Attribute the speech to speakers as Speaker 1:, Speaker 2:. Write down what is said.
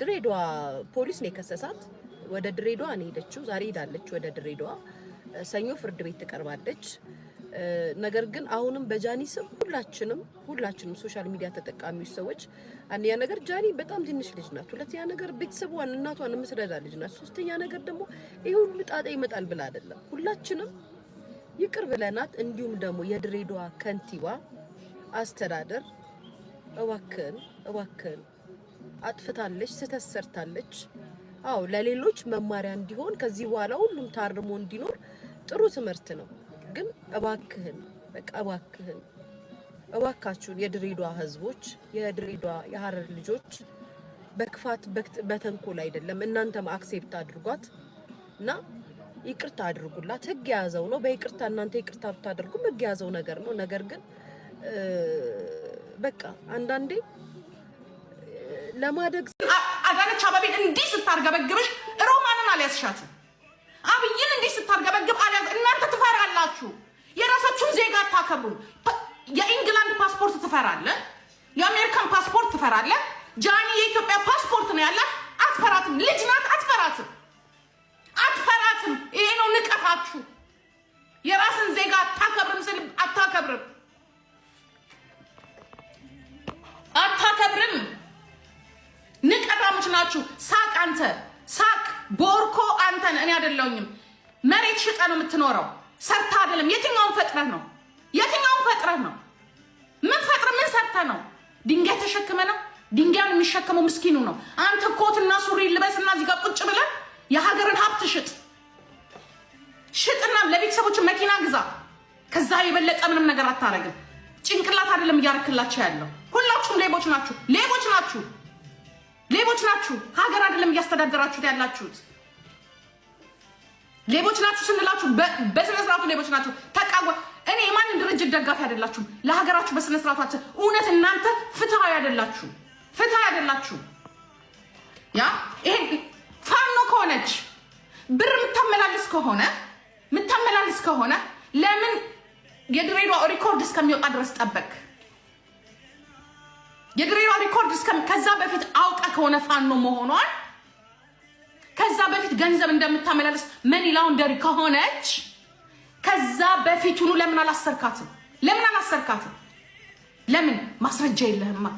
Speaker 1: ድሬዳዋ ፖሊስ ነው የከሰሳት። ወደ ድሬዳዋ ነው ሄደችው። ዛሬ ሄዳለች ወደ ድሬዳዋ። ሰኞ ፍርድ ቤት ትቀርባለች። ነገር ግን አሁንም በጃኒ ስም ሁላችንም ሁላችንም ሶሻል ሚዲያ ተጠቃሚዎች ሰዎች፣ አንደኛ ነገር ጃኒ በጣም ትንሽ ልጅ ናት። ሁለተኛ ነገር ቤተሰቧን እናቷን የምትረዳ ልጅ ናት። ሶስተኛ ነገር ደግሞ ይህ ሁሉ ጣጣ ይመጣል ብላ አይደለም ሁላችንም ይቅር ብለናት። እንዲሁም ደግሞ የድሬዳዋ ከንቲባ አስተዳደር እባክን እባክን አጥፍታለች፣ ስህተት ሰርታለች። አዎ ለሌሎች መማሪያ እንዲሆን ከዚህ በኋላ ሁሉም ታርሞ እንዲኖር ጥሩ ትምህርት ነው። ግን እባክህን በቃ እባክህን እባካችሁን የድሬዳዋ ህዝቦች፣ የድሬዳዋ የሀረር ልጆች በክፋት በተንኮል አይደለም። እናንተም አክሴፕት አድርጓት እና ይቅርታ አድርጉላት። ህግ የያዘው ነው። በይቅርታ እናንተ ይቅርታ ብታደርጉም ህግ የያዘው ነገር ነው። ነገር ግን በቃ አንዳንዴ ለማደግ
Speaker 2: አዳነች አበቤን እንዲህ ስታርገበግብሽ ሮማንን አልያዝሻትም። አብይን እንዲህ ስታርገበግብ አልያዝ። እናንተ ትፈራላችሁ። የራሳችሁን ዜጋ አታከብሩ። የኢንግላንድ ፓስፖርት ትፈራለ፣ የአሜሪካን ፓስፖርት ትፈራለ። ጃኒ የኢትዮጵያ ፓስፖርት ነው ያለ፣ አትፈራትም። ልጅ ናት። ልንገራችሁ፣ ሳቅ አንተ ሳቅ ቦርኮ አንተን እኔ አይደለሁኝም። መሬት ሽጠ ነው የምትኖረው፣ ሰርታ አይደለም። የትኛውን ፈጥረህ ነው? የትኛውን ፈጥረህ ነው? ምን ፈጥረ ምን ሰርተ ነው? ድንጋይ ተሸክመ ነው? ድንጋዩን የሚሸከመው ምስኪኑ ነው። አንተ ኮትና ሱሪ ልበስና እዚህ ጋር ቁጭ ብለህ የሀገርን ሀብት ሽጥ ሽጥና ለቤተሰቦች መኪና ግዛ። ከዛ የበለጠ ምንም ነገር አታረግም። ጭንቅላት አይደለም እያርክላቸው ያለው። ሁላችሁም ሌቦች ናችሁ፣ ሌቦች ናችሁ። ሌቦች ናችሁ። ሀገር አይደለም እያስተዳደራችሁት ያላችሁት። ሌቦች ናችሁ ስንላችሁ በስነ ስርዓቱ ሌቦች ናችሁ። ተቃወ እኔ የማንን ድርጅት ደጋፊ አይደላችሁም። ለሀገራችሁ በስነ ስርዓታችሁ እውነት እናንተ ፍትሃዊ አይደላችሁ፣ ፍትሃዊ አይደላችሁ። ያ ይሄ ፋኖ ከሆነች ብር የምታመላልስ ከሆነ የምታመላልስ ከሆነ ለምን የድሬዷ ሪኮርድ እስከሚወጣ ድረስ ጠበቅ የድሬዋ ሪኮርድ ከዛ በፊት አውቀ ከሆነ ፋኖ መሆኗን ከዛ በፊት ገንዘብ እንደምታመላለስ መኒ ላውንደሪ ከሆነች ከዛ በፊት ሁኑ ለምን አላሰርካትም? ለምን አላሰርካትም? ለምን ማስረጃ የለህማ?